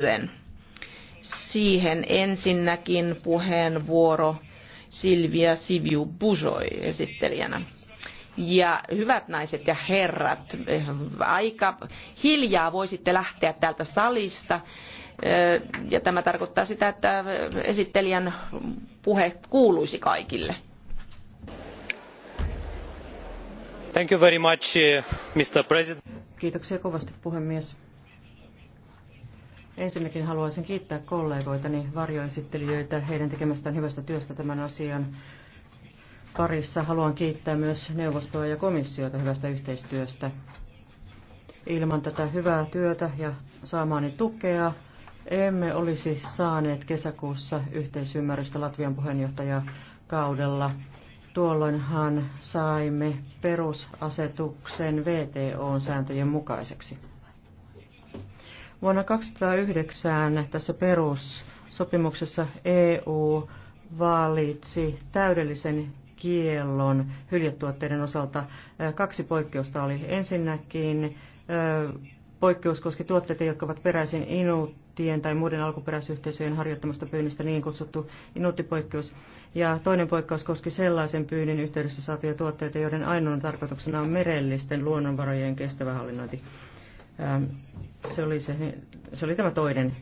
liittyen. Siihen ensinnäkin puheenvuoro Silvia Siviu Bujoi esittelijänä. Ja hyvät naiset ja herrat, aika hiljaa voisitte lähteä täältä salista. Ja tämä tarkoittaa sitä, että esittelijän puhe kuuluisi kaikille. Thank you very much, Mr. President. Kiitoksia kovasti puhemies Ensinnäkin haluaisin kiittää kollegoitani, varjoesittelijöitä, heidän tekemästään hyvästä työstä tämän asian parissa. Haluan kiittää myös neuvostoa ja komissiota hyvästä yhteistyöstä. Ilman tätä hyvää työtä ja saamaani tukea emme olisi saaneet kesäkuussa yhteisymmärrystä Latvian puheenjohtajakaudella. Tuolloinhan saimme perusasetuksen vto sääntöjen mukaiseksi. Vuonna 2009 tässä perussopimuksessa EU valitsi täydellisen kiellon hyljetuotteiden osalta. Kaksi poikkeusta oli. Ensinnäkin poikkeus koski tuotteita, jotka ovat peräisin inuuttien tai muiden alkuperäisyhteisöjen harjoittamasta pyynnistä niin kutsuttu inuuttipoikkeus. Ja toinen poikkeus koski sellaisen pyynnin yhteydessä saatuja tuotteita, joiden ainoana tarkoituksena on merellisten luonnonvarojen kestävä hallinnointi. Ähm, se oli, se, se oli tämä toinen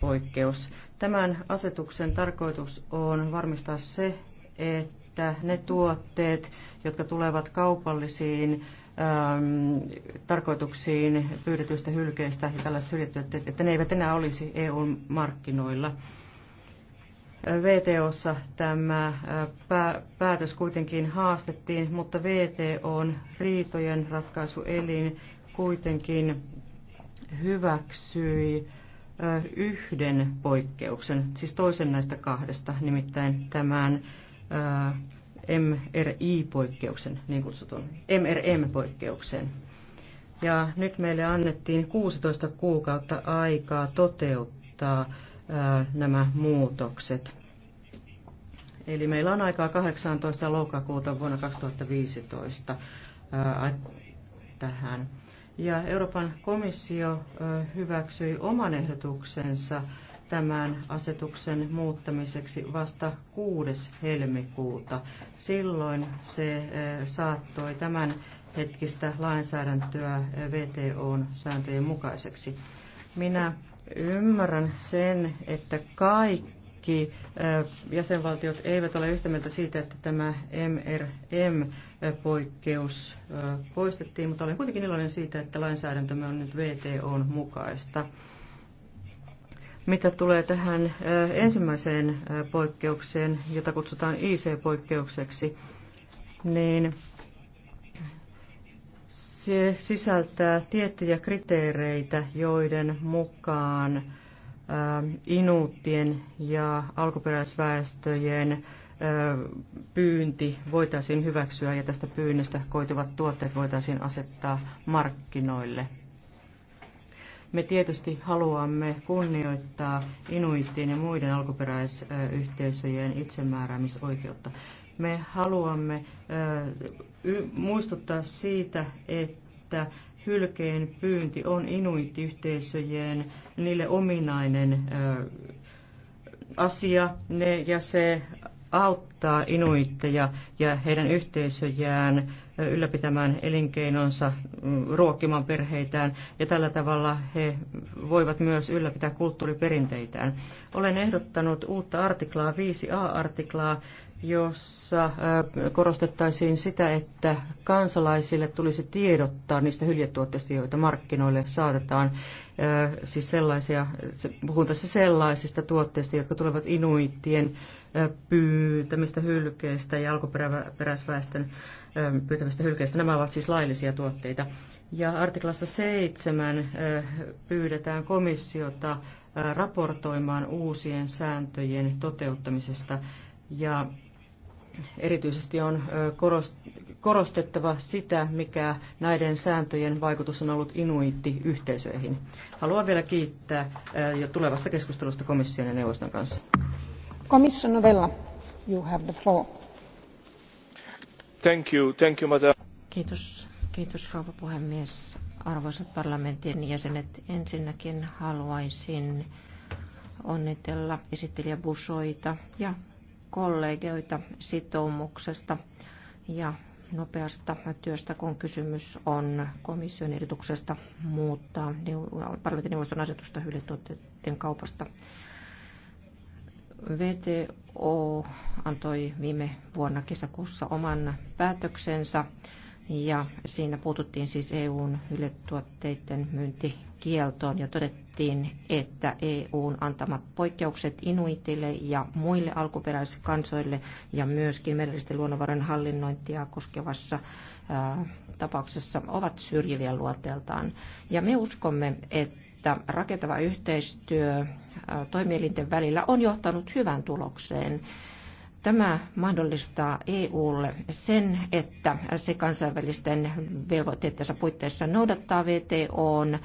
poikkeus. Tämän asetuksen tarkoitus on varmistaa se, että ne tuotteet, jotka tulevat kaupallisiin äm, tarkoituksiin pyydetyistä hylkeistä ja tällaiset hyljetuotteet, että ne eivät enää olisi EU-markkinoilla. VTOssa tämä äh, päätös kuitenkin haastettiin, mutta VTO on riitojen ratkaisuelin kuitenkin hyväksyi yhden poikkeuksen, siis toisen näistä kahdesta, nimittäin tämän MRI-poikkeuksen, niin kutsutun MRM-poikkeuksen. Ja nyt meille annettiin 16 kuukautta aikaa toteuttaa nämä muutokset. Eli meillä on aikaa 18. lokakuuta vuonna 2015 tähän. Ja Euroopan komissio hyväksyi oman ehdotuksensa tämän asetuksen muuttamiseksi vasta 6. helmikuuta. Silloin se saattoi tämän hetkistä lainsäädäntöä VTOn sääntöjen mukaiseksi. Minä ymmärrän sen, että kaikki kaikki eh, jäsenvaltiot eivät ole yhtä mieltä siitä, että tämä MRM-poikkeus eh, poistettiin, mutta olen kuitenkin iloinen siitä, että lainsäädäntömme on nyt VTOn mukaista. Mitä tulee tähän eh, ensimmäiseen poikkeukseen, jota kutsutaan IC-poikkeukseksi, niin se sisältää tiettyjä kriteereitä, joiden mukaan inuuttien ja alkuperäisväestöjen pyynti voitaisiin hyväksyä ja tästä pyynnöstä koituvat tuotteet voitaisiin asettaa markkinoille. Me tietysti haluamme kunnioittaa inuittien ja muiden alkuperäisyhteisöjen itsemääräämisoikeutta. Me haluamme muistuttaa siitä, että hylkeen pyynti on inuittiyhteisöjen niille ominainen asia ne, ja se auttaa inuitteja ja heidän yhteisöjään ylläpitämään elinkeinonsa, ruokkimaan perheitään ja tällä tavalla he voivat myös ylläpitää kulttuuriperinteitään. Olen ehdottanut uutta artiklaa 5a-artiklaa, jossa korostettaisiin sitä, että kansalaisille tulisi tiedottaa niistä hyljetuotteista, joita markkinoille saatetaan. Siis sellaisia, puhun tässä sellaisista tuotteista, jotka tulevat inuittien pyytämistä hylkeistä ja alkuperäisväestön pyytämistä hylkeistä. Nämä ovat siis laillisia tuotteita. Ja artiklassa 7 pyydetään komissiota raportoimaan uusien sääntöjen toteuttamisesta ja erityisesti on korostettava sitä, mikä näiden sääntöjen vaikutus on ollut inuittiyhteisöihin. Haluan vielä kiittää jo tulevasta keskustelusta komission ja neuvoston kanssa. Komission novella, you have the floor. Thank you, thank you, madam. Kiitos, kiitos rouva puhemies. Arvoisat parlamentin jäsenet, ensinnäkin haluaisin onnitella esittelijä Busoita ja kollegioita sitoumuksesta ja nopeasta työstä, kun kysymys on komission ehdotuksesta muuttaa parlamentin asetusta hyljetuotteiden kaupasta. VTO antoi viime vuonna kesäkuussa oman päätöksensä ja siinä puututtiin siis EUn hyljetuotteiden myyntikieltoon ja todettiin, että EUn antamat poikkeukset inuitille ja muille alkuperäiskansoille ja myöskin merellisten luonnonvarojen hallinnointia koskevassa ää, tapauksessa ovat syrjiviä luonteeltaan. Ja me uskomme, että rakentava yhteistyö ää, toimielinten välillä on johtanut hyvään tulokseen. Tämä mahdollistaa EUlle sen, että se kansainvälisten velvoitteidensa puitteissa noudattaa VTOn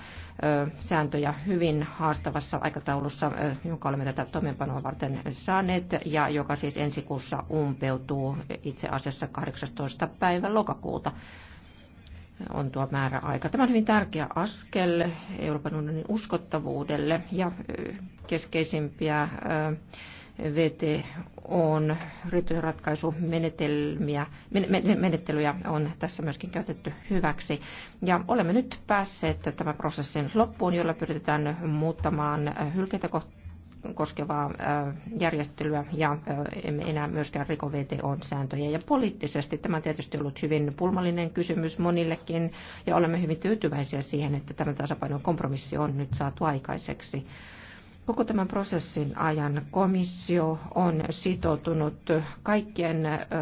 sääntöjä hyvin haastavassa aikataulussa, jonka olemme tätä toimeenpanoa varten saaneet, ja joka siis ensi kuussa umpeutuu itse asiassa 18. päivä lokakuuta on tuo määräaika. Tämä on hyvin tärkeä askel Euroopan unionin uskottavuudelle ja keskeisimpiä VTOn riitojenratkaisumenetelmiä, menettelyjä on tässä myöskin käytetty hyväksi. Ja olemme nyt päässeet tämän prosessin loppuun, jolla pyritään muuttamaan hylkeitä koskevaa äh, järjestelyä ja äh, emme enää myöskään riko VTOn sääntöjä. Ja poliittisesti tämä on tietysti ollut hyvin pulmallinen kysymys monillekin ja olemme hyvin tyytyväisiä siihen, että tämä tasapainon kompromissi on nyt saatu aikaiseksi. Koko tämän prosessin ajan komissio on sitoutunut kaikkien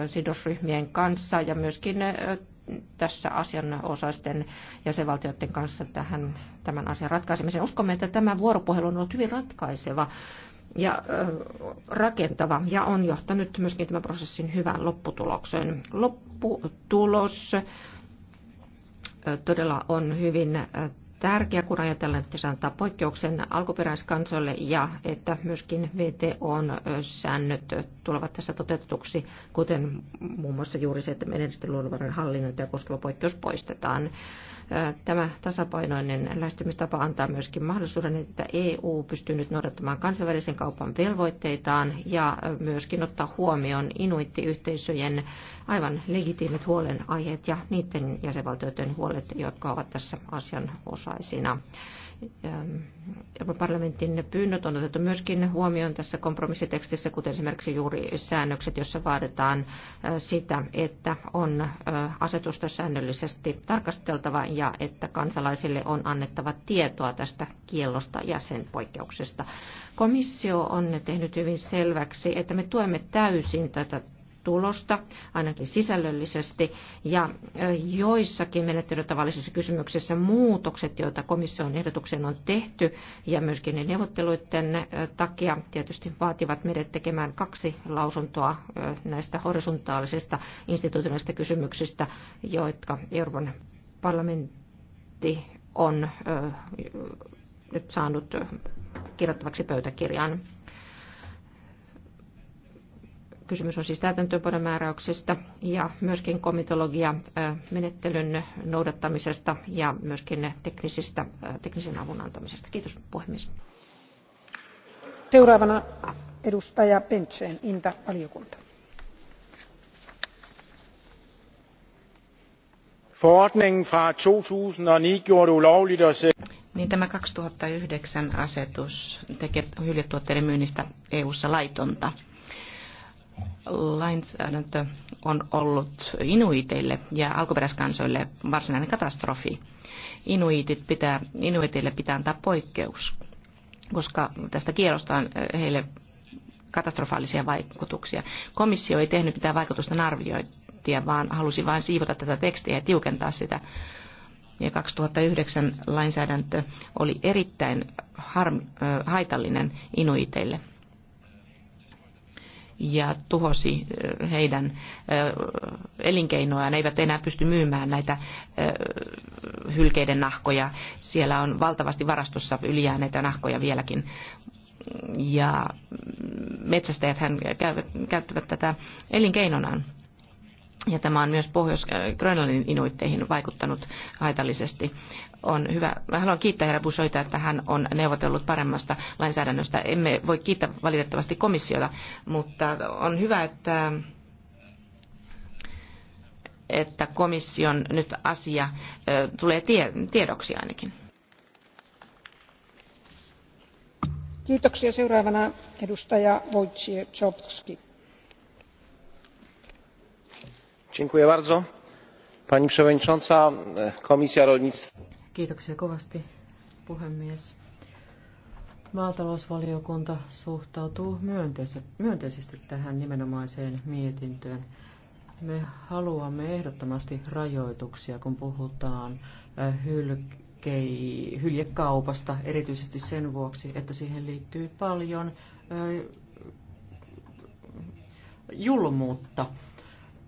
sidosryhmien kanssa ja myöskin tässä asianosaisten jäsenvaltioiden kanssa tähän, tämän asian ratkaisemiseen. Uskomme, että tämä vuoropuhelu on ollut hyvin ratkaiseva ja rakentava ja on johtanut myöskin tämän prosessin hyvään lopputulokseen. Lopputulos todella on hyvin tärkeä, kun ajatellaan, että se antaa poikkeuksen alkuperäiskansoille ja että myöskin VTOn säännöt tulevat tässä toteutetuksi, kuten muun muassa juuri se, että menetysten luonnonvarojen hallinnointia koskeva poikkeus poistetaan. Tämä tasapainoinen lähestymistapa antaa myöskin mahdollisuuden, että EU pystyy nyt noudattamaan kansainvälisen kaupan velvoitteitaan ja myöskin ottaa huomioon inuittiyhteisöjen aivan legitiimit huolenaiheet ja niiden jäsenvaltioiden huolet, jotka ovat tässä asian osaisina. Euroopan parlamentin pyynnöt on otettu myöskin huomioon tässä kompromissitekstissä, kuten esimerkiksi juuri säännökset, jossa vaaditaan sitä, että on asetusta säännöllisesti tarkasteltava ja että kansalaisille on annettava tietoa tästä kiellosta ja sen poikkeuksesta. Komissio on tehnyt hyvin selväksi, että me tuemme täysin tätä tulosta, ainakin sisällöllisesti. Ja joissakin menettelytavallisissa kysymyksissä muutokset, joita komission ehdotukseen on tehty, ja myöskin ne neuvotteluiden takia tietysti vaativat meidät tekemään kaksi lausuntoa näistä horisontaalisista instituutioista kysymyksistä, jotka Euroopan parlamentti on nyt saanut kirjattavaksi pöytäkirjaan. Kysymys on siis määräyksestä ja myöskin komitologiamenettelyn menettelyn noudattamisesta ja myöskin teknisistä, teknisen avun antamisesta. Kiitos puhemies. Seuraavana edustaja Pentsen Inta valiokunta. Forordningen fra 2009 gjorde ulovligt at niin tämä 2009 asetus tekee hyljetuotteiden myynnistä EU-ssa laitonta lainsäädäntö on ollut inuiteille ja alkuperäiskansoille varsinainen katastrofi. Inuitit pitää, inuiteille pitää antaa poikkeus, koska tästä kielosta on heille katastrofaalisia vaikutuksia. Komissio ei tehnyt mitään vaikutusten arviointia, vaan halusi vain siivota tätä tekstiä ja tiukentaa sitä. Ja 2009 lainsäädäntö oli erittäin harm, haitallinen inuiteille ja tuhosi heidän elinkeinoaan. Ne eivät enää pysty myymään näitä hylkeiden nahkoja. Siellä on valtavasti varastossa ylijääneitä nahkoja vieläkin. Ja metsästäjät käyttävät tätä elinkeinonaan ja tämä on myös Pohjois-Grönlannin äh, inuitteihin vaikuttanut haitallisesti. On hyvä. Mä haluan kiittää herra Bushoita, että hän on neuvotellut paremmasta lainsäädännöstä. Emme voi kiittää valitettavasti komissiota, mutta on hyvä, että että komission nyt asia tulee tie, tiedoksi ainakin. Kiitoksia. Seuraavana edustaja Wojciechowski pani przewodnicząca! komisja rolnictwa. kiitoksia kovasti puhemies. Maatalousvaliokunta suhtautuu myönteisesti tähän nimenomaiseen mietintöön. Me haluamme ehdottomasti rajoituksia, kun puhutaan hyljekaupasta, erityisesti sen vuoksi, että siihen liittyy paljon julmuutta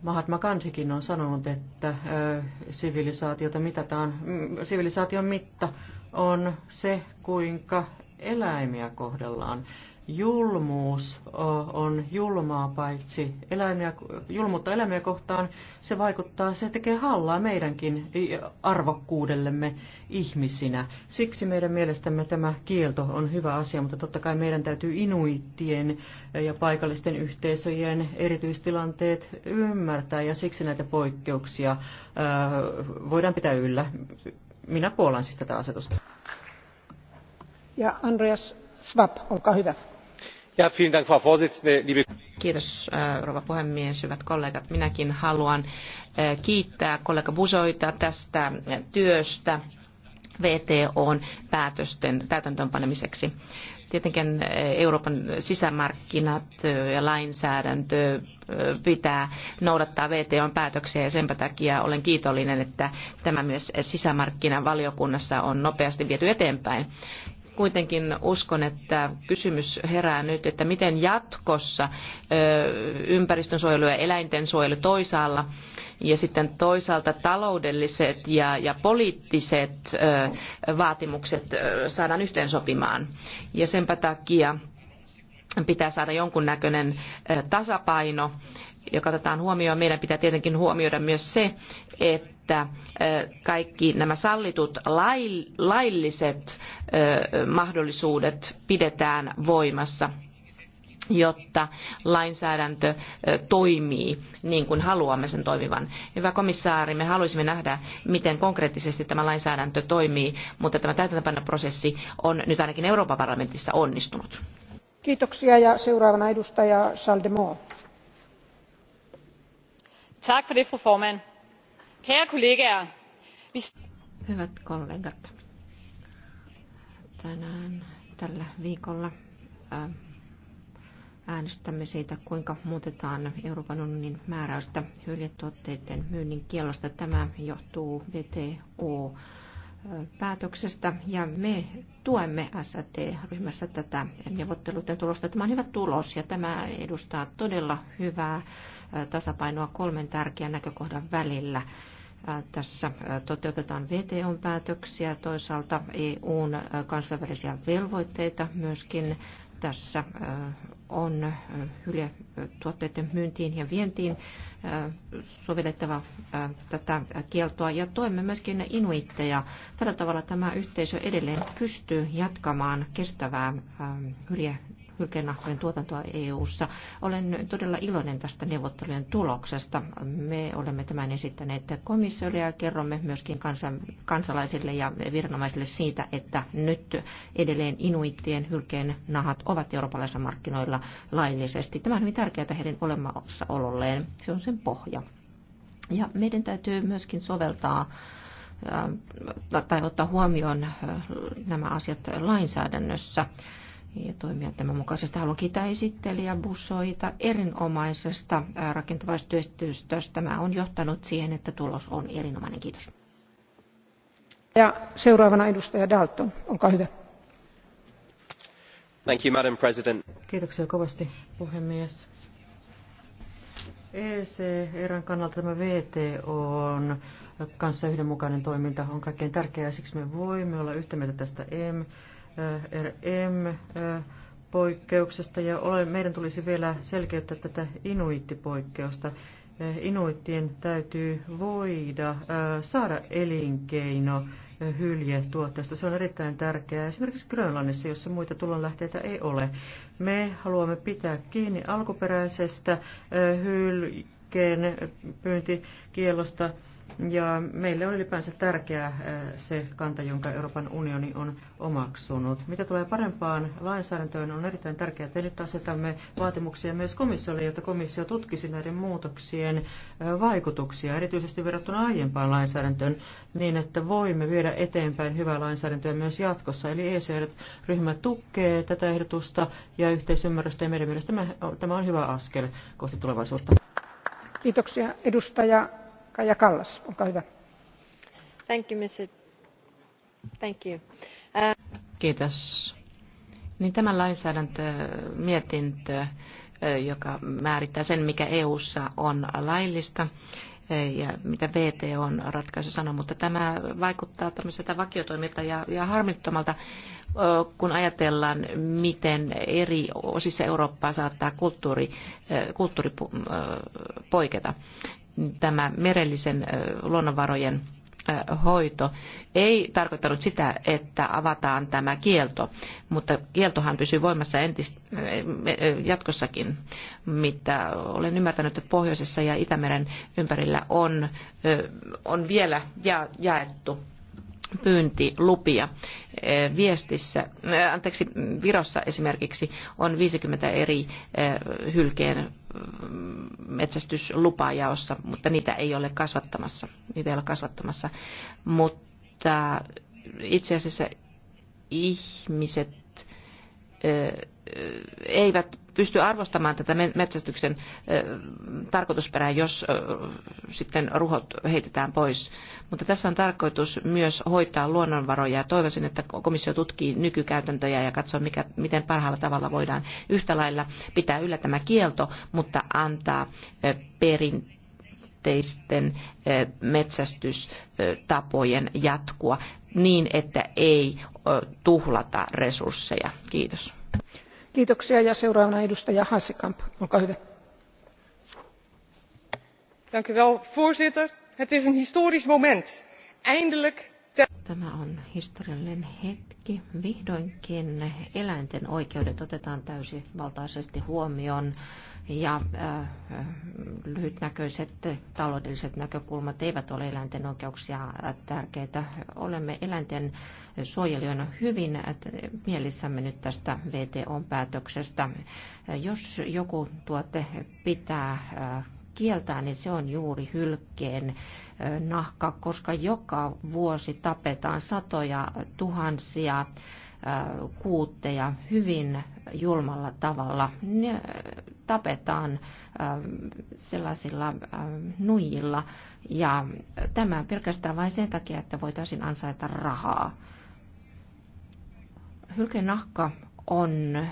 Mahatma Gandhikin on sanonut, että sivilisaatiota mitataan, mm, sivilisaation mitta on se, kuinka eläimiä kohdellaan. Julmuus on julmaa paitsi eläimiä, julmuutta eläimiä kohtaan. Se vaikuttaa, se tekee hallaa meidänkin arvokkuudellemme ihmisinä. Siksi meidän mielestämme tämä kielto on hyvä asia, mutta totta kai meidän täytyy inuittien ja paikallisten yhteisöjen erityistilanteet ymmärtää ja siksi näitä poikkeuksia voidaan pitää yllä. Minä puolan siis tätä asetusta. Ja Andreas Schwab, olkaa hyvä frau präsidentin Kiitos äh, rouva puhemies, hyvät kollegat. Minäkin haluan äh, kiittää kollega buoita tästä äh, työstä VTOn päätösten täytäntöönpanemiseksi. Tietenkin Euroopan sisämarkkinat ja lainsäädäntö pitää noudattaa VTOn päätöksiä ja senpä takia olen kiitollinen, että tämä myös sisämarkkinavaliokunnassa valiokunnassa on nopeasti viety eteenpäin kuitenkin uskon, että kysymys herää nyt, että miten jatkossa ympäristönsuojelu ja eläintensuojelu toisaalla ja sitten toisaalta taloudelliset ja, ja poliittiset vaatimukset saadaan yhteensopimaan. Ja senpä takia pitää saada jonkunnäköinen tasapaino joka otetaan huomioon, meidän pitää tietenkin huomioida myös se, että kaikki nämä sallitut lailliset mahdollisuudet pidetään voimassa jotta lainsäädäntö toimii niin kuin haluamme sen toimivan. Hyvä komissaari, me haluaisimme nähdä, miten konkreettisesti tämä lainsäädäntö toimii, mutta tämä täytäntöpanoprosessi on nyt ainakin Euroopan parlamentissa onnistunut. Kiitoksia ja seuraavana edustaja Saldemo fru Hyvät kollegat, tänään tällä viikolla ähm, äänestämme siitä, kuinka muutetaan Euroopan unionin määräystä hyljetuotteiden myynnin kiellosta. Tämä johtuu WTO päätöksestä ja me tuemme SAT-ryhmässä tätä neuvotteluiden tulosta. Tämä on hyvä tulos ja tämä edustaa todella hyvää tasapainoa kolmen tärkeän näkökohdan välillä. Tässä toteutetaan vto päätöksiä, toisaalta EUn kansainvälisiä velvoitteita myöskin tässä on hyljetuotteiden myyntiin ja vientiin sovellettava tätä kieltoa ja toimme myöskin inuitteja. Tällä tavalla tämä yhteisö edelleen pystyy jatkamaan kestävää hyljetuotteiden hylkeennahkojen tuotantoa EU-ssa. Olen todella iloinen tästä neuvottelujen tuloksesta. Me olemme tämän esittäneet komissiolle ja kerromme myöskin kansalaisille ja viranomaisille siitä, että nyt edelleen inuittien hylkeen nahat ovat eurooppalaisilla markkinoilla laillisesti. Tämä on hyvin tärkeää heidän olemassaololleen. Se on sen pohja. Ja meidän täytyy myöskin soveltaa tai ottaa huomioon nämä asiat lainsäädännössä ja toimia tämän mukaisesti. Haluan kiittää esittelijä Bussoita erinomaisesta rakentavasta Tämä on johtanut siihen, että tulos on erinomainen. Kiitos. Ja seuraavana edustaja Dalton, olkaa hyvä. Thank you, Madam President. Kiitoksia kovasti, puhemies. EC-erän kannalta tämä VT on kanssa yhdenmukainen toiminta on kaikkein tärkeää, siksi me voimme olla yhtä mieltä tästä EM RM-poikkeuksesta ja meidän tulisi vielä selkeyttää tätä inuittipoikkeusta. Inuittien täytyy voida saada elinkeino tuotteesta. Se on erittäin tärkeää esimerkiksi Grönlannissa, jossa muita tulonlähteitä ei ole. Me haluamme pitää kiinni alkuperäisestä hylkeen pyyntikielosta ja meille on ylipäänsä tärkeää eh, se kanta, jonka Euroopan unioni on omaksunut. Mitä tulee parempaan lainsäädäntöön, on erittäin tärkeää, että nyt asetamme vaatimuksia myös komissiolle, jotta komissio tutkisi näiden muutoksien eh, vaikutuksia, erityisesti verrattuna aiempaan lainsäädäntöön, niin että voimme viedä eteenpäin hyvää lainsäädäntöä myös jatkossa. Eli ECR-ryhmä tukee tätä ehdotusta ja yhteisymmärrystä, ja meidän mielestämme tämä on hyvä askel kohti tulevaisuutta. Kiitoksia edustaja Kiitos. Niin tämä lainsäädäntömietintö, joka määrittää sen, mikä EU:ssa on laillista, ja mitä VT on ratkaisu sanoo, mutta tämä vaikuttaa tämmöiseltä vakiotoimilta ja, ja harmittomalta, kun ajatellaan, miten eri osissa Eurooppaa saattaa kulttuuri, kulttuuri poiketa tämä merellisen luonnonvarojen hoito ei tarkoittanut sitä, että avataan tämä kielto, mutta kieltohan pysyy voimassa entist, jatkossakin, mitä olen ymmärtänyt, että Pohjoisessa ja Itämeren ympärillä on, on vielä ja, jaettu pyyntilupia. Viestissä, anteeksi, Virossa esimerkiksi on 50 eri hylkeen Mm, metsästyslupajaossa, mutta niitä ei ole kasvattamassa. Niitä ei ole kasvattamassa. Mutta itse asiassa ihmiset eivät pysty arvostamaan tätä metsästyksen tarkoitusperää, jos sitten ruhot heitetään pois. Mutta tässä on tarkoitus myös hoitaa luonnonvaroja ja toivoisin, että komissio tutkii nykykäytäntöjä ja katsoo, mikä, miten parhaalla tavalla voidaan yhtä lailla pitää yllä tämä kielto, mutta antaa perinteisten metsästystapojen jatkua niin, että ei tuhlata resursseja. Kiitos voorzitter het is een historisch moment eindelijk is de europese unie eindelijk de raad eindelijk Tämä on historiallinen hetki. Vihdoinkin eläinten oikeudet otetaan täysivaltaisesti huomioon ja äh, äh, lyhytnäköiset taloudelliset näkökulmat eivät ole eläinten oikeuksia tärkeitä. Olemme eläinten suojelijoina hyvin äh, mielissämme nyt tästä VTO-päätöksestä. Jos joku tuote pitää äh, kieltää, niin se on juuri hylkkeen nahka, koska joka vuosi tapetaan satoja tuhansia kuutteja hyvin julmalla tavalla. Ne tapetaan sellaisilla nuijilla ja tämä pelkästään vain sen takia, että voitaisiin ansaita rahaa. Hylkeen nahka on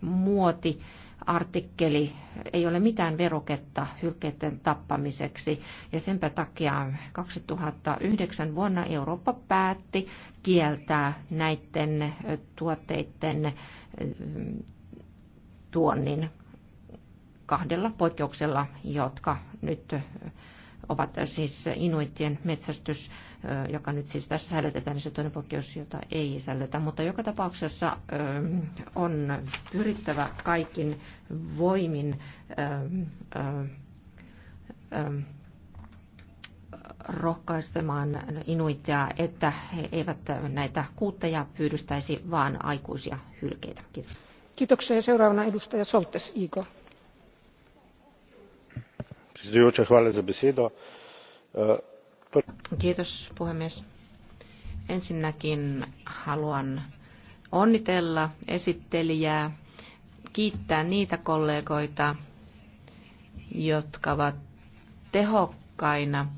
muoti, artikkeli, ei ole mitään veroketta hylkeiden tappamiseksi. Ja senpä takia 2009 vuonna Eurooppa päätti kieltää näiden tuotteiden tuonnin kahdella poikkeuksella, jotka nyt ovat siis inuittien metsästys, joka nyt siis tässä säilytetään, niin se toinen poikkeus, jota ei säilytetä. Mutta joka tapauksessa on pyrittävä kaikin voimin rohkaisemaan inuittia, että he eivät näitä kuutteja pyydystäisi, vaan aikuisia hylkeitä. Kiitos. Kiitoksia. Seuraavana edustaja Soltes Igo. Eh, Kiitos puhemies. Ensinnäkin haluan onnitella esittelijää, kiittää niitä kollegoita, jotka ovat tehokkaina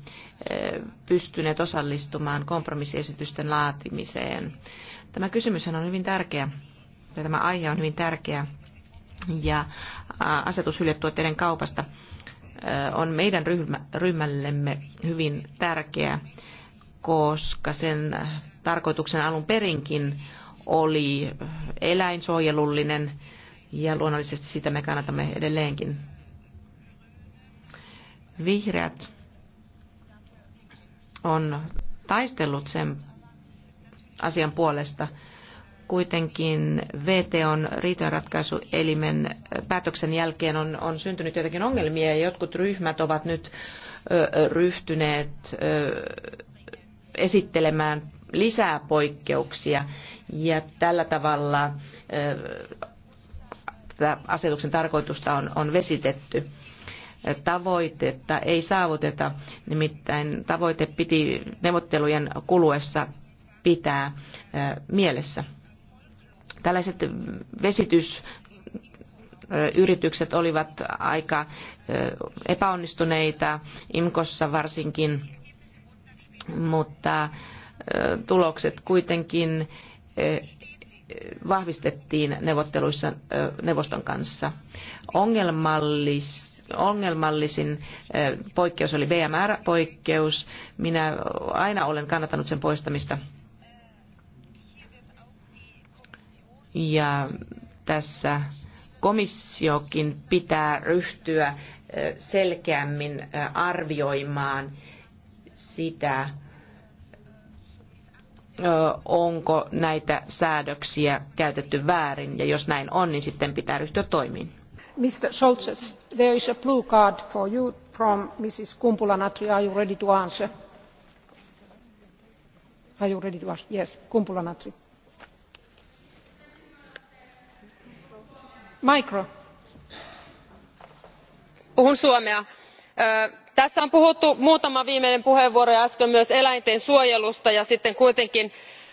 eh, pystyneet osallistumaan kompromissiesitysten laatimiseen. Tämä kysymys on hyvin tärkeä, ja tämä aihe on hyvin tärkeä, ja asetus hyljetuotteiden kaupasta on meidän ryhmä, ryhmällemme hyvin tärkeä, koska sen tarkoituksen alun perinkin oli eläinsuojelullinen ja luonnollisesti sitä me kannatamme edelleenkin. Vihreät on taistellut sen asian puolesta, kuitenkin VTOn riitojenratkaisuelimen päätöksen jälkeen on, on syntynyt joitakin ongelmia ja jotkut ryhmät ovat nyt ryhtyneet esittelemään lisää poikkeuksia ja tällä tavalla asetuksen tarkoitusta on, on vesitetty tavoitetta ei saavuteta. Nimittäin tavoite piti neuvottelujen kuluessa pitää mielessä. Tällaiset vesitysyritykset olivat aika epäonnistuneita, IMKossa varsinkin, mutta tulokset kuitenkin vahvistettiin neuvotteluissa neuvoston kanssa. Ongelmallis, ongelmallisin poikkeus oli vmr poikkeus Minä aina olen kannattanut sen poistamista Ja tässä komissiokin pitää ryhtyä selkeämmin arvioimaan sitä, onko näitä säädöksiä käytetty väärin ja jos näin on, niin sitten pitää ryhtyä toimiin. Mr. Scholzes, there is a blue card for you from Mrs. Kumpula Natri. Are you ready to answer? Are you ready to answer? Yes, Kumpula Natri puhun Suomea. tässä on puhuttu muutama viimeinen puheenvuoro ja äsken myös eläinten suojelusta ja sitten kuitenkin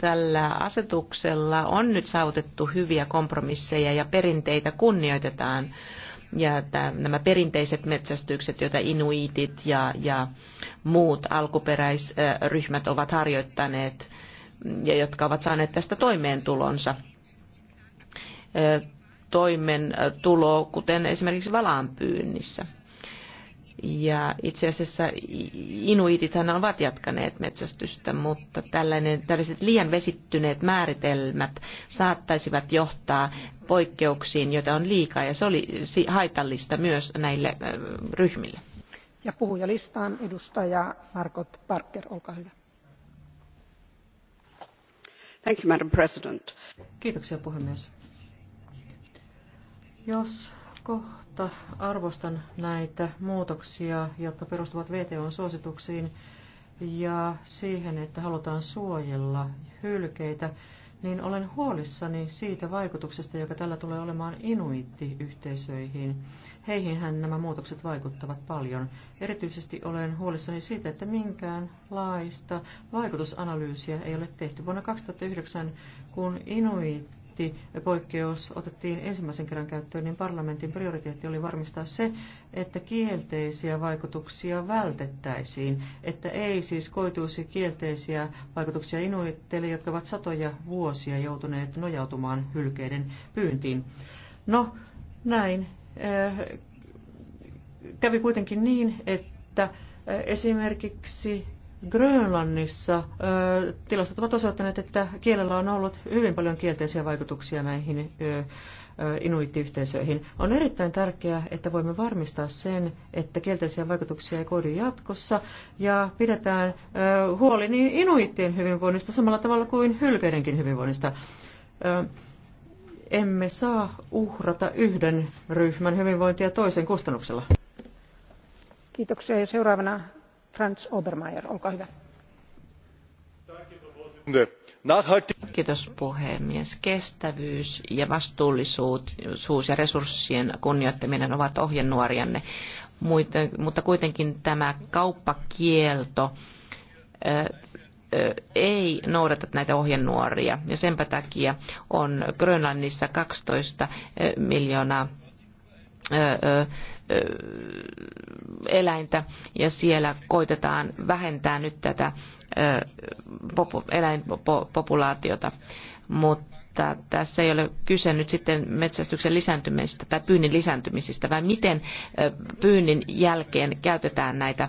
tällä asetuksella on nyt saavutettu hyviä kompromisseja ja perinteitä kunnioitetaan. Ja nämä perinteiset metsästykset, joita inuitit ja, ja muut alkuperäisryhmät ovat harjoittaneet ja jotka ovat saaneet tästä toimeentulonsa. tulo, kuten esimerkiksi valaanpyynnissä ja itse asiassa inuitithan ovat jatkaneet metsästystä, mutta tällainen, tällaiset liian vesittyneet määritelmät saattaisivat johtaa poikkeuksiin, joita on liikaa, ja se oli haitallista myös näille ryhmille. Ja puhujalistaan edustaja Margot Parker, olkaa hyvä. Thank you, Madam President. Kiitoksia puhemies. Jos kohta mutta arvostan näitä muutoksia, jotka perustuvat VTOn suosituksiin ja siihen, että halutaan suojella hylkeitä, niin olen huolissani siitä vaikutuksesta, joka tällä tulee olemaan inuittiyhteisöihin. Heihinhän nämä muutokset vaikuttavat paljon. Erityisesti olen huolissani siitä, että minkäänlaista vaikutusanalyysiä ei ole tehty. Vuonna 2009, kun inuit poikkeus otettiin ensimmäisen kerran käyttöön, niin parlamentin prioriteetti oli varmistaa se, että kielteisiä vaikutuksia vältettäisiin, että ei siis koituisi kielteisiä vaikutuksia inuitteille, jotka ovat satoja vuosia joutuneet nojautumaan hylkeiden pyyntiin. No, näin. Eh, kävi kuitenkin niin, että eh, esimerkiksi Grönlannissa ö, tilastot ovat osoittaneet, että kielellä on ollut hyvin paljon kielteisiä vaikutuksia näihin ö, inuittiyhteisöihin. On erittäin tärkeää, että voimme varmistaa sen, että kielteisiä vaikutuksia ei koidu jatkossa ja pidetään ö, huoli niin inuittien hyvinvoinnista samalla tavalla kuin hylkeidenkin hyvinvoinnista. Ö, emme saa uhrata yhden ryhmän hyvinvointia toisen kustannuksella. Kiitoksia ja seuraavana Kiitos puhemies. Kestävyys ja vastuullisuus ja resurssien kunnioittaminen ovat ohjenuorianne, mutta kuitenkin tämä kauppakielto ei noudata näitä ohjenuoria ja senpä takia on Grönlannissa kaksitoista miljoonaa eläintä ja siellä koitetaan vähentää nyt tätä eläinpopulaatiota, mutta tässä ei ole kyse nyt sitten metsästyksen lisääntymisestä tai pyynnin lisääntymisestä, vaan miten pyynnin jälkeen käytetään näitä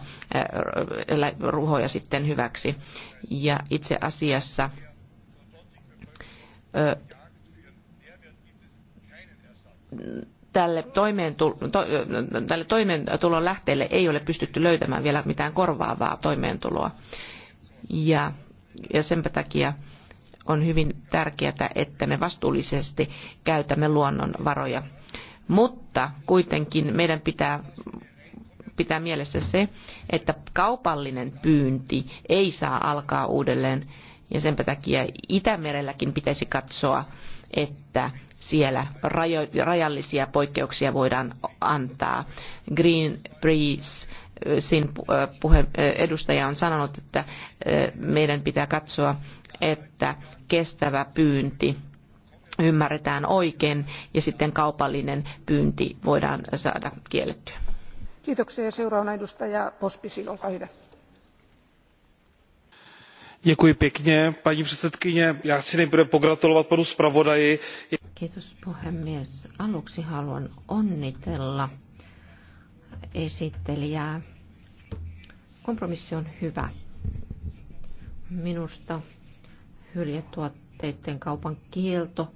ruhoja sitten hyväksi. Ja itse asiassa tälle, toimeentul- to- tälle toimeentulon lähteelle ei ole pystytty löytämään vielä mitään korvaavaa toimeentuloa. Ja, ja takia on hyvin tärkeää, että me vastuullisesti käytämme luonnonvaroja. Mutta kuitenkin meidän pitää pitää mielessä se, että kaupallinen pyynti ei saa alkaa uudelleen. Ja sen takia Itämerelläkin pitäisi katsoa, että siellä rajallisia poikkeuksia voidaan antaa. Greenpeace sin edustaja on sanonut, että meidän pitää katsoa, että kestävä pyynti ymmärretään oikein ja sitten kaupallinen pyynti voidaan saada kiellettyä. Kiitoksia. Seuraavana edustaja Pospisil, olkaa hyvä. Děkuji pěkně, paní předsedkyně. Já chci nejprve pogratulovat panu zpravodaji. Kiitos puhemies. Aluksi haluan onnitella esittelijää. Kompromissi on hyvä. Minusta hyljetuotteiden kaupan kielto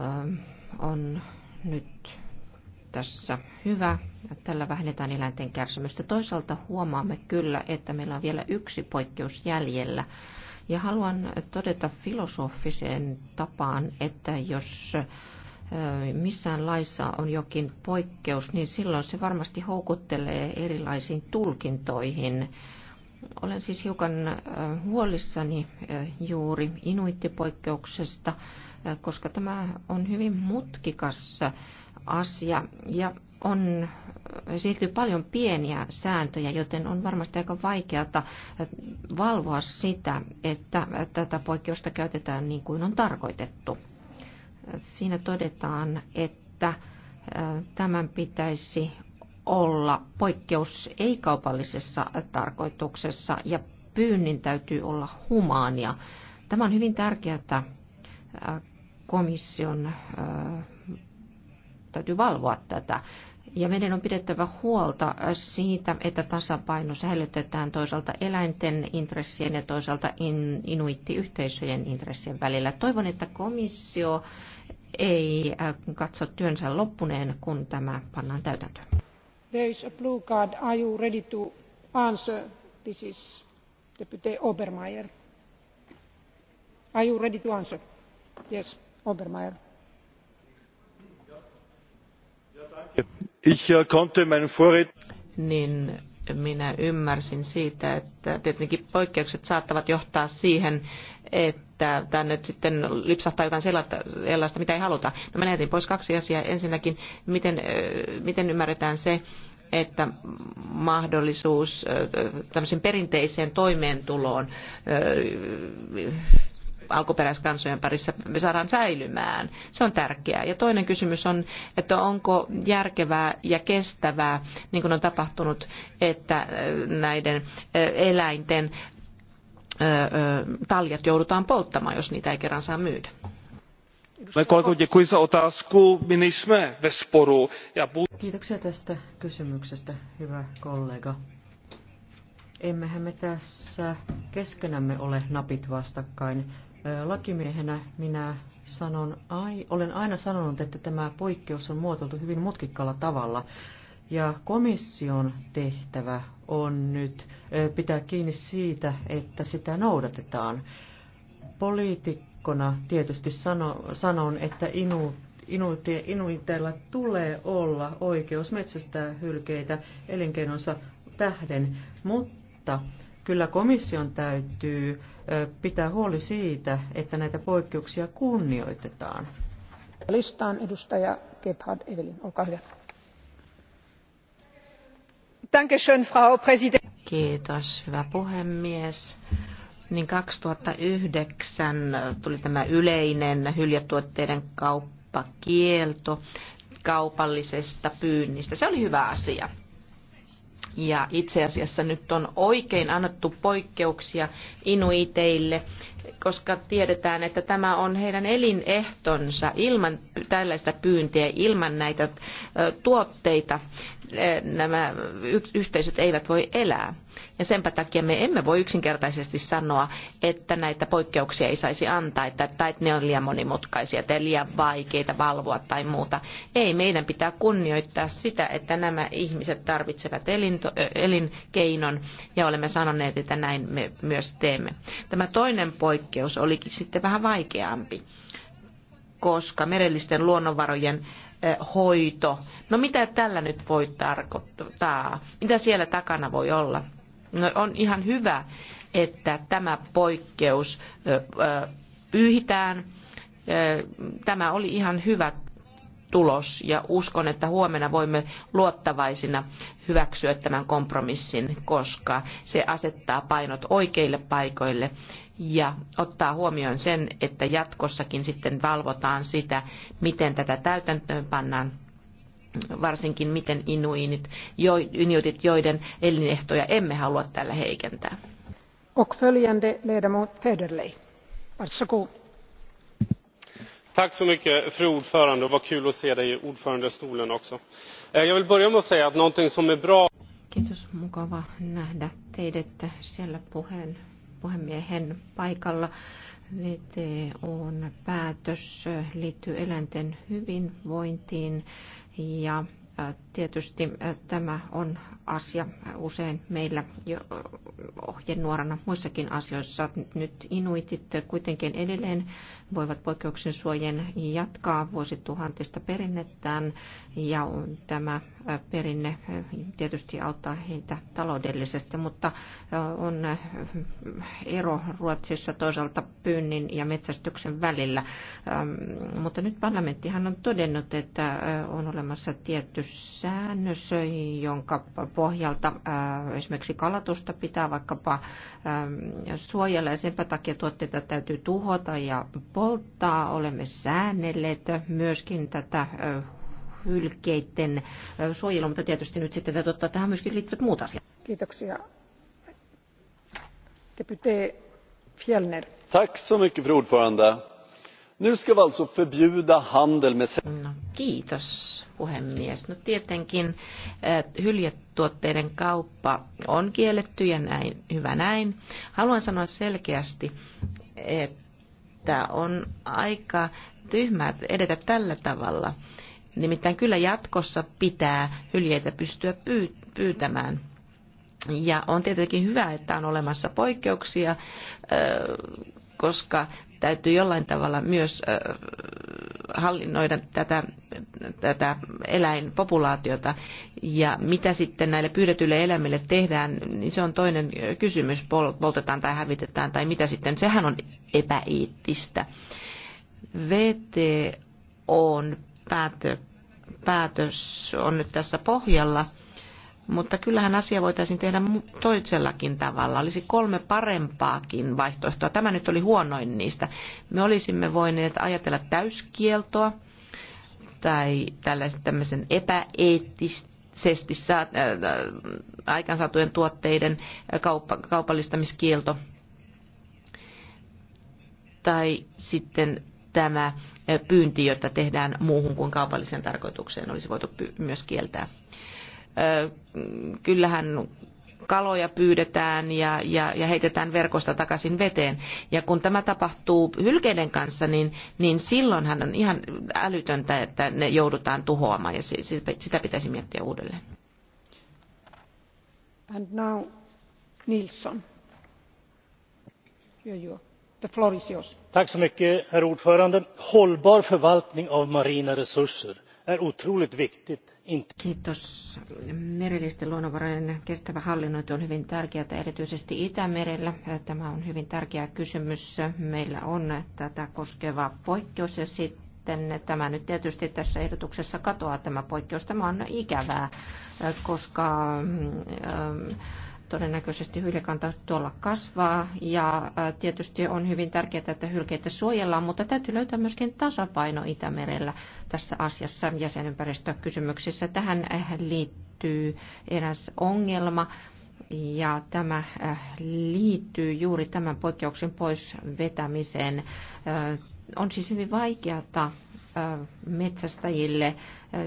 ähm, on nyt tässä hyvä. Tällä vähennetään eläinten kärsimystä. Toisaalta huomaamme kyllä, että meillä on vielä yksi poikkeus jäljellä – ja haluan todeta filosofiseen tapaan, että jos missään laissa on jokin poikkeus, niin silloin se varmasti houkuttelee erilaisiin tulkintoihin. Olen siis hiukan huolissani juuri inuittipoikkeuksesta, koska tämä on hyvin mutkikas asia ja on siirtyy paljon pieniä sääntöjä, joten on varmasti aika vaikeata valvoa sitä, että tätä poikkeusta käytetään niin kuin on tarkoitettu. Siinä todetaan, että tämän pitäisi olla poikkeus ei-kaupallisessa tarkoituksessa ja pyynnin täytyy olla humaania. Tämä on hyvin tärkeää komission täytyy valvoa tätä. Ja meidän on pidettävä huolta siitä, että tasapaino säilytetään toisaalta eläinten intressien ja toisaalta in, inuittiyhteisöjen intressien välillä. Toivon, että komissio ei äh, katso työnsä loppuneen, kun tämä pannaan täytäntöön. There is a blue card. Are you ready to answer? This is Deputy Obermeier. Are you ready to answer? Yes, Obermeier Äh, niin minä ymmärsin siitä, että tietenkin poikkeukset saattavat johtaa siihen, että tänne sitten lipsahtaa jotain sellaista, mitä ei haluta. No minä jätin pois kaksi asiaa. Ensinnäkin, miten, miten ymmärretään se, että mahdollisuus tämmöiseen perinteiseen toimeentuloon alkuperäiskansojen parissa saadaan säilymään. Se on tärkeää. Ja toinen kysymys on, että onko järkevää ja kestävää, niin kuin on tapahtunut, että äh, näiden äh, eläinten äh, taljat joudutaan polttamaan, jos niitä ei kerran saa myydä. Kolego, děkuji za otázku. My nejsme ve sporu. Kiitoksia tästä kysymyksestä, hyvä kollega. Emmehän me tässä keskenämme ole napit vastakkain lakimiehenä minä sanon, ai, olen aina sanonut, että tämä poikkeus on muotoiltu hyvin mutkikkaalla tavalla. Ja komission tehtävä on nyt pitää kiinni siitä, että sitä noudatetaan. Poliitikkona tietysti sano, sanon, että inu, inuite, inuiteilla tulee olla oikeus metsästää hylkeitä elinkeinonsa tähden, mutta kyllä komission täytyy pitää huoli siitä, että näitä poikkeuksia kunnioitetaan. Listaan edustaja Gebhard Evelin, olkaa hyvä. Kiitos, hyvä puhemies. Niin 2009 tuli tämä yleinen hyljätuotteiden kauppakielto kaupallisesta pyynnistä. Se oli hyvä asia. Ja itse asiassa nyt on oikein annettu poikkeuksia inuiteille koska tiedetään, että tämä on heidän elinehtonsa ilman tällaista pyyntiä, ilman näitä tuotteita nämä yhteisöt eivät voi elää. Ja senpä takia me emme voi yksinkertaisesti sanoa, että näitä poikkeuksia ei saisi antaa, että, tai että ne on liian monimutkaisia tai liian vaikeita valvoa tai muuta. Ei, meidän pitää kunnioittaa sitä, että nämä ihmiset tarvitsevat elinto, elinkeinon ja olemme sanoneet, että näin me myös teemme. Tämä toinen poikkeus poikkeus olikin sitten vähän vaikeampi, koska merellisten luonnonvarojen eh, hoito, no mitä tällä nyt voi tarkoittaa, mitä siellä takana voi olla? No on ihan hyvä, että tämä poikkeus eh, eh, pyyhitään. Tämä oli ihan hyvä tulos ja uskon, että huomenna voimme luottavaisina hyväksyä tämän kompromissin, koska se asettaa painot oikeille paikoille ja ottaa huomioon sen, että jatkossakin sitten valvotaan sitä, miten tätä täytäntöön pannaan varsinkin miten inuinit, jo, inuitit, joiden elinehtoja emme halua tällä heikentää. Och följande ledamot Federley. Varsågod fru talman! Vad kul att se dig i ordförandestolen också! Eh, jag vill börja med att säga att någonting som är bra... Kiitos, mukava nähdä teidät siellä puheen, puhemiehen paikalla. Eh, on päätös eh, liittyy eläinten hyvinvointiin ja Tietysti tämä on asia usein meillä ohjenuorana muissakin asioissa. Nyt inuitit kuitenkin edelleen voivat poikkeuksen suojen jatkaa vuosituhantista perinnettään ja tämä perinne tietysti auttaa heitä taloudellisesti, mutta on ero Ruotsissa toisaalta pyynnin ja metsästyksen välillä. Mutta nyt parlamenttihan on todennut, että on olemassa tietty säännös, jonka pohjalta esimerkiksi kalatusta pitää vaikkapa suojella ja senpä takia tuotteita täytyy tuhota ja polttaa. Olemme säännelleet myöskin tätä hylkeiden suojelua, mutta tietysti nyt sitten täytyy ottaa tähän myöskin liittyvät muut asiat. Kiitoksia. Deputé Fjellner. Tack så mycket, fru ordförande. Nu ska vi alltså förbjuda handel med... No, kiitos puhemies. No tietenkin hyljetuotteiden kauppa on kielletty ja näin, hyvä näin. Haluan sanoa selkeästi, että että on aika tyhmää edetä tällä tavalla. Nimittäin kyllä jatkossa pitää hyljeitä pystyä pyytämään. Ja on tietenkin hyvä, että on olemassa poikkeuksia, koska täytyy jollain tavalla myös hallinnoida tätä, tätä eläinpopulaatiota. Ja mitä sitten näille pyydetyille eläimille tehdään, niin se on toinen kysymys, poltetaan tai hävitetään tai mitä sitten, sehän on epäeettistä. on päätö, päätös on nyt tässä pohjalla – mutta kyllähän asia voitaisiin tehdä toisellakin tavalla. Olisi kolme parempaakin vaihtoehtoa. Tämä nyt oli huonoin niistä. Me olisimme voineet ajatella täyskieltoa tai tällaisen äh, äh aikansaatujen tuotteiden kaupallistamiskielto tai sitten tämä äh, pyynti, jota tehdään muuhun kuin kaupalliseen tarkoitukseen, olisi voitu myös kieltää kyllähän kaloja pyydetään ja, ja, ja, heitetään verkosta takaisin veteen. Ja kun tämä tapahtuu hylkeiden kanssa, niin, niin silloinhan on ihan älytöntä, että ne joudutaan tuhoamaan ja sitä pitäisi miettiä uudelleen. And now Nilsson. The floor is yours. Tack så mycket, herr ordförande. Hållbar förvaltning av marina resurser är otroligt viktigt. Kiitos. Merellisten luonnonvarojen kestävä hallinnointi on hyvin tärkeää, erityisesti Itämerellä. Tämä on hyvin tärkeä kysymys. Meillä on tätä koskeva poikkeus ja sitten tämä nyt tietysti tässä ehdotuksessa katoaa tämä poikkeus. Tämä on ikävää, koska ähm, todennäköisesti hyljekanta tuolla kasvaa ja tietysti on hyvin tärkeää, että hylkeitä suojellaan, mutta täytyy löytää myöskin tasapaino Itämerellä tässä asiassa jäsenympäristökysymyksissä. Tähän äh, liittyy eräs ongelma ja tämä äh, liittyy juuri tämän poikkeuksen pois vetämiseen. Äh, on siis hyvin vaikeata metsästäjille,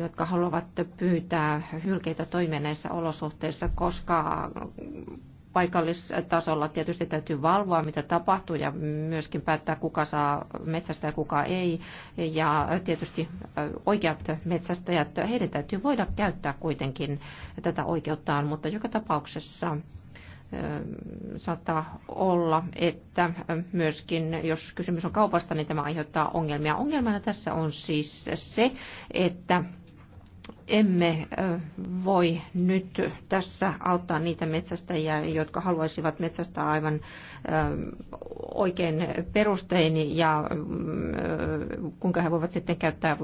jotka haluavat pyytää hylkeitä toimia näissä olosuhteissa, koska paikallistasolla tietysti täytyy valvoa, mitä tapahtuu ja myöskin päättää, kuka saa metsästä ja kuka ei. Ja tietysti oikeat metsästäjät, heidän täytyy voida käyttää kuitenkin tätä oikeuttaan, mutta joka tapauksessa saattaa olla, että myöskin jos kysymys on kaupasta, niin tämä aiheuttaa ongelmia. Ongelmana tässä on siis se, että emme voi nyt tässä auttaa niitä metsästäjiä, jotka haluaisivat metsästää aivan oikein perustein ja mm, kuinka he voivat sitten käyttää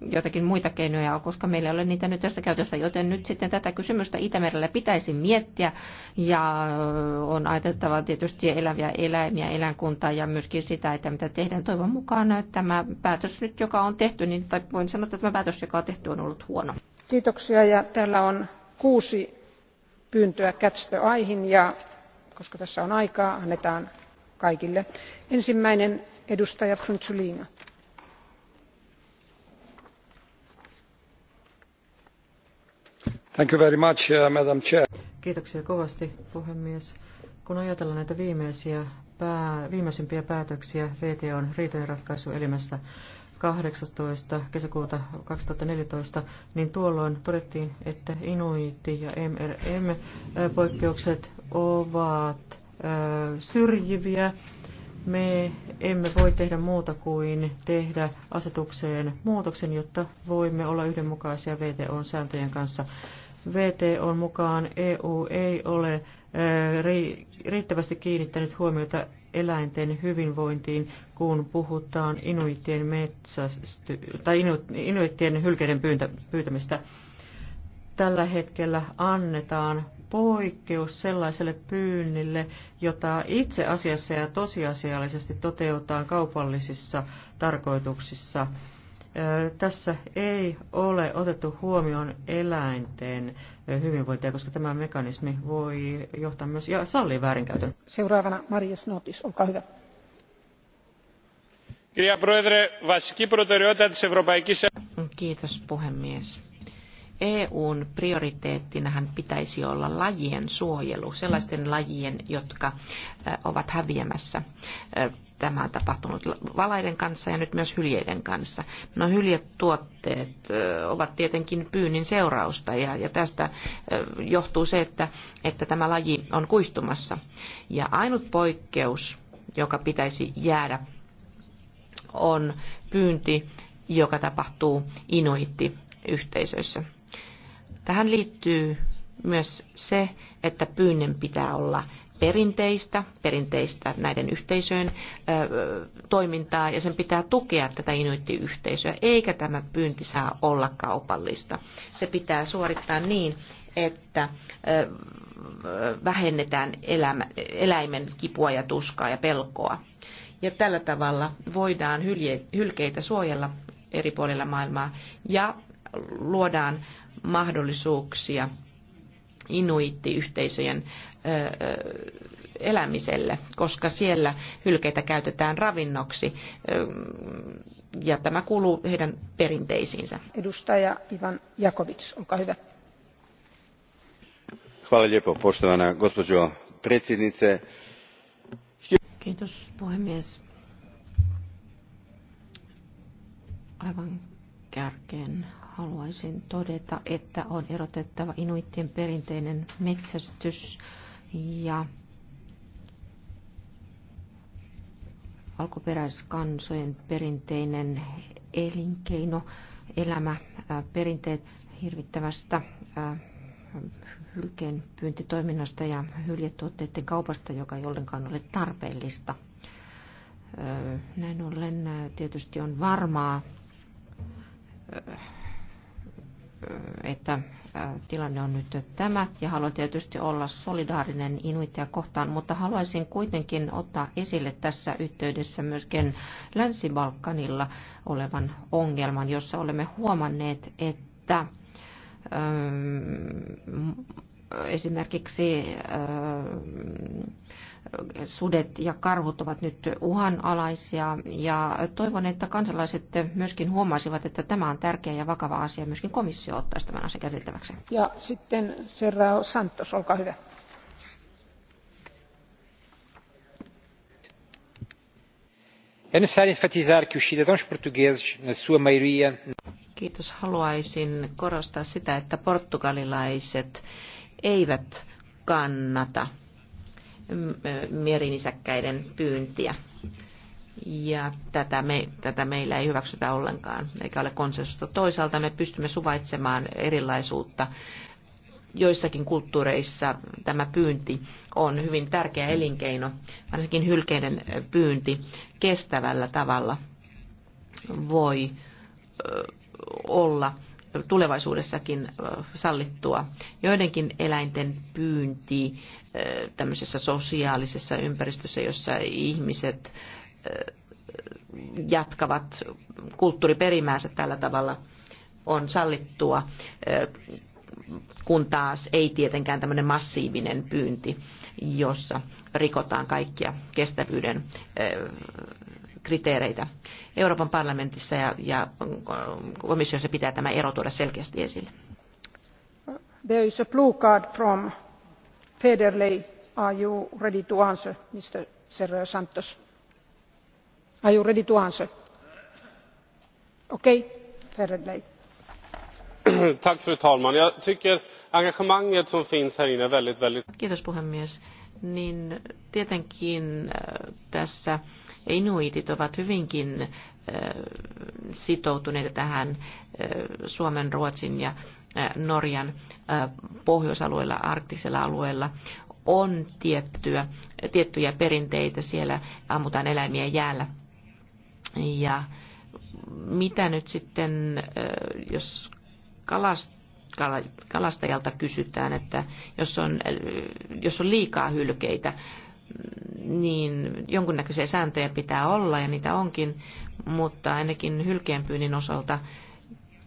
jotakin muita keinoja, koska meillä ei ole niitä nyt tässä käytössä, joten nyt sitten tätä kysymystä Itämerellä pitäisi miettiä ja on ajateltava tietysti eläviä eläimiä, eläinkuntaa ja myöskin sitä, että mitä tehdään. Toivon mukaan tämä päätös nyt, joka on tehty, niin tai voin sanoa, että tämä päätös, joka on tehty, on ollut huono. Kiitoksia. ja täällä on kuusi pyyntöä catch the eyehin ja koska tässä on aikaa annetaan kaikille. ensimmäinen edustaja frunzulic. Uh, Kiitoksia kovasti puhemies. Kun ajatellaan näitä viimeisiä pää, viimeisimpiä päätöksiä VTOn riitojenratkaisuelimestä, 18. kesäkuuta 2014, niin tuolloin todettiin, että Inuiti ja MRM-poikkeukset ovat syrjiviä. Me emme voi tehdä muuta kuin tehdä asetukseen muutoksen, jotta voimme olla yhdenmukaisia VTOn sääntöjen kanssa. VTOn mukaan EU ei ole riittävästi kiinnittänyt huomiota eläinten hyvinvointiin, kun puhutaan inuittien, metsästy- tai inu- inuittien hylkeiden pyyntä- pyytämistä. Tällä hetkellä annetaan poikkeus sellaiselle pyynnille, jota itse asiassa ja tosiasiallisesti toteutetaan kaupallisissa tarkoituksissa – tässä ei ole otettu huomioon eläinten hyvinvointia, koska tämä mekanismi voi johtaa myös ja sallii väärinkäytön. Seuraavana Maria Snotis, olkaa hyvä. Kiitos puhemies. EUn prioriteettinähän pitäisi olla lajien suojelu, sellaisten lajien, jotka ovat häviämässä Tämä on tapahtunut valaiden kanssa ja nyt myös hyljeiden kanssa. No hyljetuotteet ovat tietenkin pyynnin seurausta ja, ja tästä johtuu se, että, että tämä laji on kuihtumassa. Ja ainut poikkeus, joka pitäisi jäädä, on pyynti, joka tapahtuu inuittiyhteisöissä. Tähän liittyy myös se, että pyynnin pitää olla perinteistä, perinteistä näiden yhteisöjen toimintaa ja sen pitää tukea tätä inuittiyhteisöä, eikä tämä pyynti saa olla kaupallista. Se pitää suorittaa niin, että vähennetään elämä, eläimen kipua ja tuskaa ja pelkoa. Ja tällä tavalla voidaan hylje, hylkeitä suojella eri puolilla maailmaa ja luodaan mahdollisuuksia inuittiyhteisöjen elämiselle, koska siellä hylkeitä käytetään ravinnoksi ja tämä kuuluu heidän perinteisiinsä. Edustaja Ivan Jakovic, olkaa hyvä. Hvala lijepo, poštovana gospođo predsjednice. Kiitos puhemies. Aivan kärkeen haluaisin todeta, että on erotettava inuittien perinteinen metsästys ja alkuperäiskansojen perinteinen elinkeino, elämä, perinteet hirvittävästä hylkeen pyyntitoiminnasta ja hyljetuotteiden kaupasta, joka ei ollenkaan ole tarpeellista. Näin ollen tietysti on varmaa, että tilanne on nyt tämä ja haluan tietysti olla solidaarinen Inuitia kohtaan, mutta haluaisin kuitenkin ottaa esille tässä yhteydessä myöskin Länsi-Balkanilla olevan ongelman, jossa olemme huomanneet, että esimerkiksi äh, sudet ja karhut ovat nyt uhanalaisia ja toivon, että kansalaiset myöskin huomaisivat, että tämä on tärkeä ja vakava asia. Myöskin komissio ottaisi tämän asian käsittäväksi. Ja sitten Serra Santos, olkaa hyvä. É necessário enfatizar que os cidadãos portugueses, na sua maioria... Kiitos. Haluaisin korostaa sitä, että portugalilaiset eivät kannata merinisäkkäiden pyyntiä. Ja tätä, me, tätä meillä ei hyväksytä ollenkaan, eikä ole konsensusta. Toisaalta me pystymme suvaitsemaan erilaisuutta. Joissakin kulttuureissa tämä pyynti on hyvin tärkeä elinkeino, varsinkin hylkeiden pyynti kestävällä tavalla voi olla tulevaisuudessakin sallittua. Joidenkin eläinten pyynti tämmöisessä sosiaalisessa ympäristössä, jossa ihmiset jatkavat kulttuuriperimäänsä tällä tavalla, on sallittua, kun taas ei tietenkään tämmöinen massiivinen pyynti, jossa rikotaan kaikkia kestävyyden kriteereitä Euroopan parlamentissa ja, ja komissiossa pitää tämä ero tuoda selkeästi esille. There is a blue card from Federley. Are you ready to answer, Mr. Sergio Santos? Are you ready to answer? Okay, Federley. Tack fru talman. Jag tycker engagemanget som finns här inne är väldigt, väldigt... Kiitos puhemies. Niin tietenkin äh, tässä Inuitit ovat hyvinkin sitoutuneita tähän Suomen, Ruotsin ja Norjan pohjoisalueella, arktisella alueella on tiettyä, tiettyjä perinteitä. Siellä ammutaan eläimiä jäällä. Ja mitä nyt sitten, jos kalastajalta kysytään, että jos on, jos on liikaa hylkeitä niin jonkunnäköisiä sääntöjä pitää olla ja niitä onkin, mutta ainakin hylkeenpyynnin osalta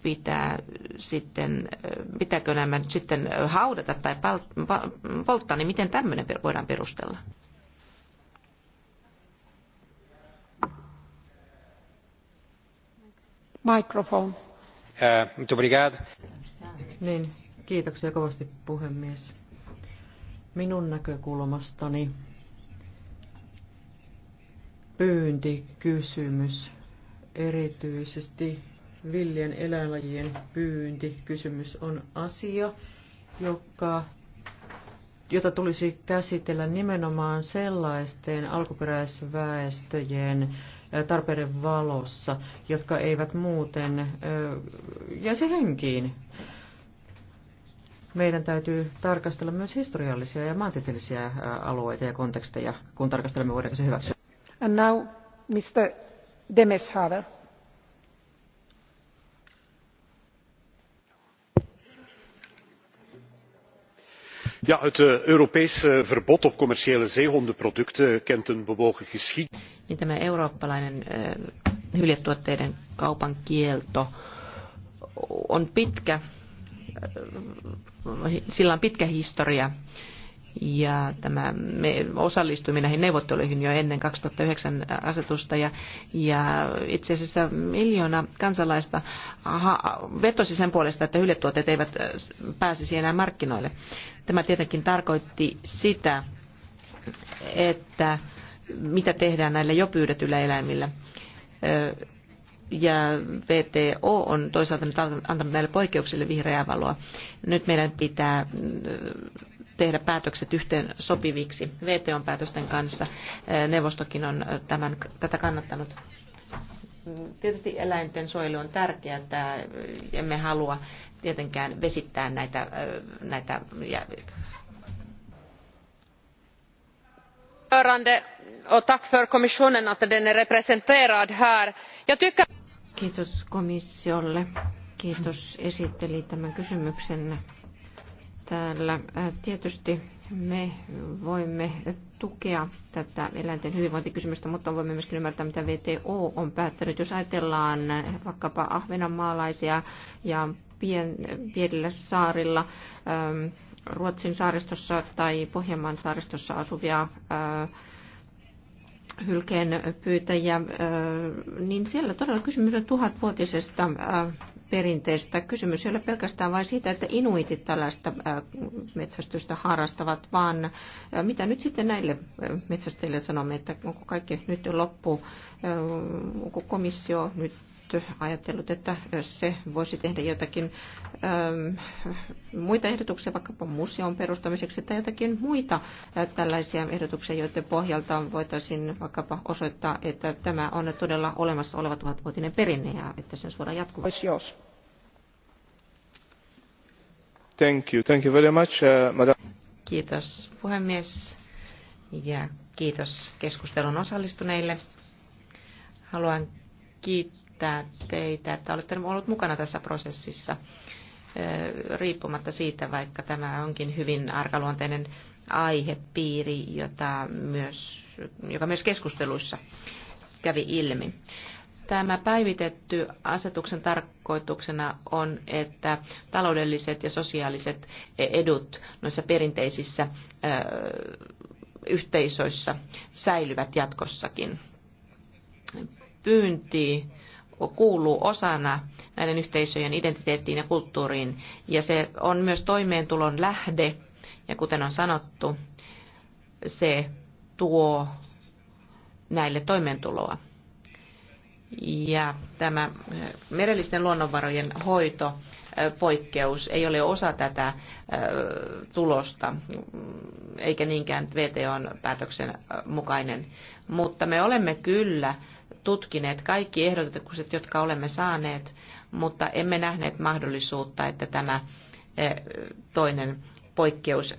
pitää sitten, pitääkö nämä sitten haudata tai polttaa, niin miten tämmöinen voidaan perustella? Mikrofon. Äh, niin, kiitoksia kovasti puhemies. Minun näkökulmastani pyyntikysymys, erityisesti villien eläinlajien pyyntikysymys on asia, joka, jota tulisi käsitellä nimenomaan sellaisten alkuperäisväestöjen tarpeiden valossa, jotka eivät muuten jäisi henkiin. Meidän täytyy tarkastella myös historiallisia ja maantieteellisiä alueita ja konteksteja, kun tarkastelemme voidaanko se hyväksyä arvoisa puhemies het eh, europees verbod op commerciële zeehondenproducten kent een bewogen geschiedenis. Niin tämä eurooppalainen eh, hyljetuotteiden kaupan kielto on pitkä eh, sillä on pitkä historia ja tämä, me osallistuimme näihin neuvotteluihin jo ennen 2009 asetusta ja, ja itse asiassa miljoona kansalaista aha, vetosi sen puolesta, että hyljetuotteet eivät äh, pääsisi enää markkinoille. Tämä tietenkin tarkoitti sitä, että mitä tehdään näillä jo pyydetyillä eläimillä. Äh, ja VTO on toisaalta nyt antanut näille poikkeuksille vihreää valoa. Nyt meidän pitää äh, tehdä päätökset yhteen sopiviksi VTOn päätösten kanssa. Neuvostokin on tämän, tätä kannattanut. Tietysti eläinten suojelu on tärkeää, että emme halua tietenkään vesittää näitä, näitä ordförande och tack för kommissionen att den är representerad här. Jag tycker... Kiitos komissiolle. Kiitos esitteli tämän kysymyksen täällä. Äh, tietysti me voimme tukea tätä eläinten hyvinvointikysymystä, mutta voimme myöskin ymmärtää, mitä VTO on päättänyt. Jos ajatellaan vaikkapa ahvenanmaalaisia ja pien, pienillä saarilla, ähm, Ruotsin saaristossa tai Pohjanmaan saaristossa asuvia äh, hylkeen pyytäjiä, äh, niin siellä todella kysymys on tuhatvuotisesta perinteistä Kysymys ei ole pelkästään vain siitä, että inuitit tällaista äh, metsästystä harrastavat, vaan äh, mitä nyt sitten näille äh, metsästäjille sanomme, että onko kaikki nyt loppu, onko komissio nyt ajatellut, että se voisi tehdä jotakin äm, muita ehdotuksia, vaikkapa museon perustamiseksi tai jotakin muita ä, äh, tällaisia ehdotuksia, joiden pohjalta voitaisiin vaikkapa osoittaa, että tämä on todella olemassa oleva tuhatvuotinen perinne ja että sen suoraan jatkuva. Jos. Thank you. Thank you very much, uh, madam. Kiitos puhemies ja kiitos keskustelun osallistuneille. Haluan kiittää kiittää teitä, että olette olleet mukana tässä prosessissa eh, riippumatta siitä, vaikka tämä onkin hyvin arkaluonteinen aihepiiri, jota myös, joka myös keskusteluissa kävi ilmi. Tämä päivitetty asetuksen tarkoituksena on, että taloudelliset ja sosiaaliset edut noissa perinteisissä eh, yhteisöissä säilyvät jatkossakin. Pyyntiin kuuluu osana näiden yhteisöjen identiteettiin ja kulttuuriin. Ja se on myös toimeentulon lähde. Ja kuten on sanottu, se tuo näille toimeentuloa. Ja tämä eh, merellisten luonnonvarojen hoito poikkeus ei ole osa tätä tulosta, eikä niinkään VTOn päätöksen mukainen. Mutta me olemme kyllä tutkineet kaikki ehdotukset, jotka olemme saaneet, mutta emme nähneet mahdollisuutta, että tämä toinen poikkeus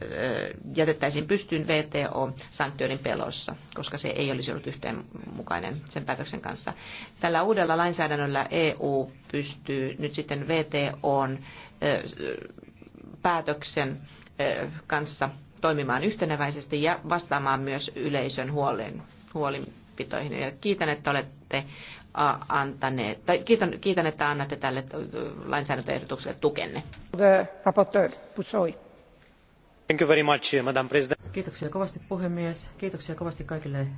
jätettäisiin pystyyn VTO-sanktioiden pelossa, koska se ei olisi ollut yhteenmukainen sen päätöksen kanssa. Tällä uudella lainsäädännöllä EU pystyy nyt sitten VTOn päätöksen kanssa toimimaan yhteneväisesti ja vastaamaan myös yleisön huolen, huolinpitoihin. Ja kiitän, että olette antaneet, tai kiitän, kiitän, että annatte tälle lainsäädäntöehdotukselle tukenne. The rapporteur, Kiitoksia kovasti puhemies. Kiitoksia kovasti kaikille äh,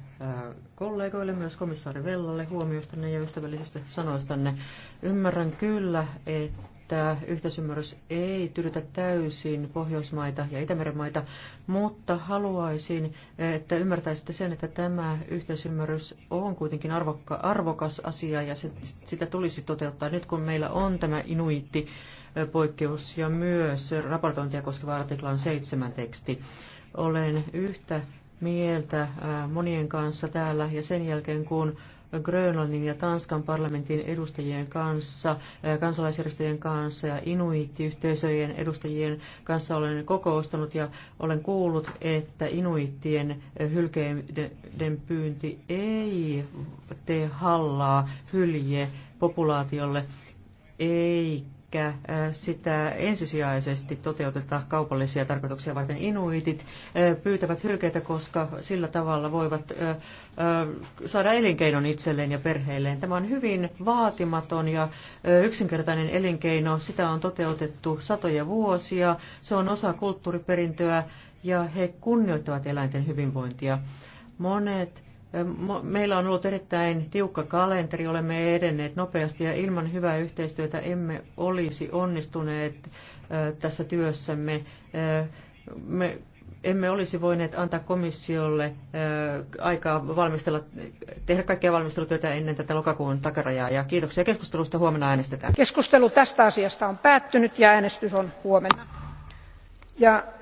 kollegoille, myös komissaari Vellalle huomioistanne ja ystävällisistä sanoistanne. Ymmärrän kyllä, että että yhteisymmärrys ei tyydytä täysin Pohjoismaita ja Itämeren maita, mutta haluaisin, että ymmärtäisitte sen, että tämä yhteisymmärrys on kuitenkin arvokka, arvokas asia ja se, sitä tulisi toteuttaa nyt, kun meillä on tämä inuitti poikkeus ja myös raportointia koskeva artiklan seitsemän teksti. Olen yhtä mieltä monien kanssa täällä ja sen jälkeen kun Grönlannin ja Tanskan parlamentin edustajien kanssa, kansalaisjärjestöjen kanssa ja inuittiyhteisöjen edustajien kanssa olen kokoustanut ja olen kuullut, että inuittien hylkeiden pyynti ei tee hallaa hylje populaatiolle eikä eikä sitä ensisijaisesti toteuteta kaupallisia tarkoituksia varten. Inuitit pyytävät hylkeitä, koska sillä tavalla voivat saada elinkeinon itselleen ja perheelleen. Tämä on hyvin vaatimaton ja yksinkertainen elinkeino. Sitä on toteutettu satoja vuosia. Se on osa kulttuuriperintöä ja he kunnioittavat eläinten hyvinvointia. Monet Meillä on ollut erittäin tiukka kalenteri, olemme edenneet nopeasti ja ilman hyvää yhteistyötä emme olisi onnistuneet tässä työssämme. Me emme olisi voineet antaa komissiolle aikaa valmistella, tehdä kaikkia valmistelutyötä ennen tätä lokakuun takarajaa. Ja kiitoksia keskustelusta. Huomenna äänestetään. Keskustelu tästä asiasta on päättynyt ja äänestys on huomenna. Ja